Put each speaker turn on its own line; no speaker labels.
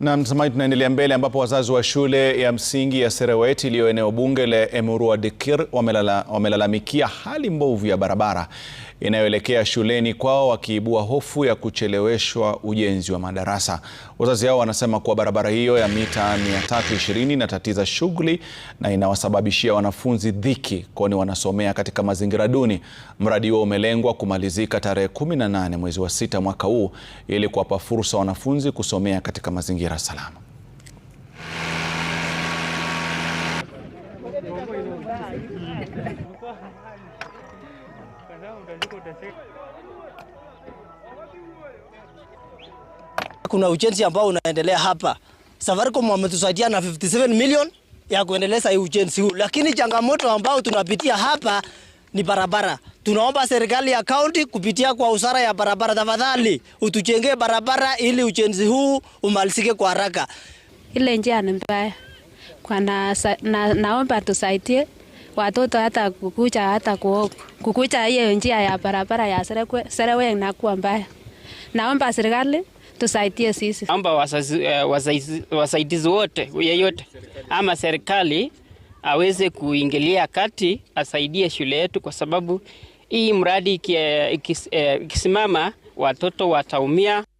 Na mtazamaji, tunaendelea mbele ambapo wazazi wa shule ya msingi ya Serewet iliyo eneo bunge la Emurua Dikirr wamelalamikia hali mbovu ya barabara inayoelekea shuleni kwao, wakiibua hofu ya kucheleweshwa ujenzi wa madarasa. Wazazi hao wanasema kuwa barabara hiyo ya mita 320 inatatiza shughuli na inawasababishia wanafunzi dhiki, kwani wanasomea katika mazingira duni. Mradi huo umelengwa kumalizika tarehe 18 mwezi wa sita mwaka huu ili kuwapa fursa wanafunzi kusomea katika mazingira salama.
Kuna ujenzi ambao unaendelea hapa. Safaricom wametusaidia na 57 million ya kuendeleza hii ujenzi huu, lakini changamoto ambao tunapitia hapa ni barabara. Tunaomba serikali ya kaunti kupitia kwa usara ya barabara, tafadhali utujengee barabara ili ujenzi huu umalizike kwa haraka.
Ile njia ni mbaya kwa na, na, naomba tusaidie watoto hata kukucha hata kukucha hiyo njia ya barabara ya serewe na kuwa mbaya. Naomba serikali tusaidie sisi,
naomba eh, wasaidizi wote yeyote ama serikali aweze kuingilia kati asaidie shule yetu, kwa sababu hii mradi eh, eh, ikisimama watoto wataumia.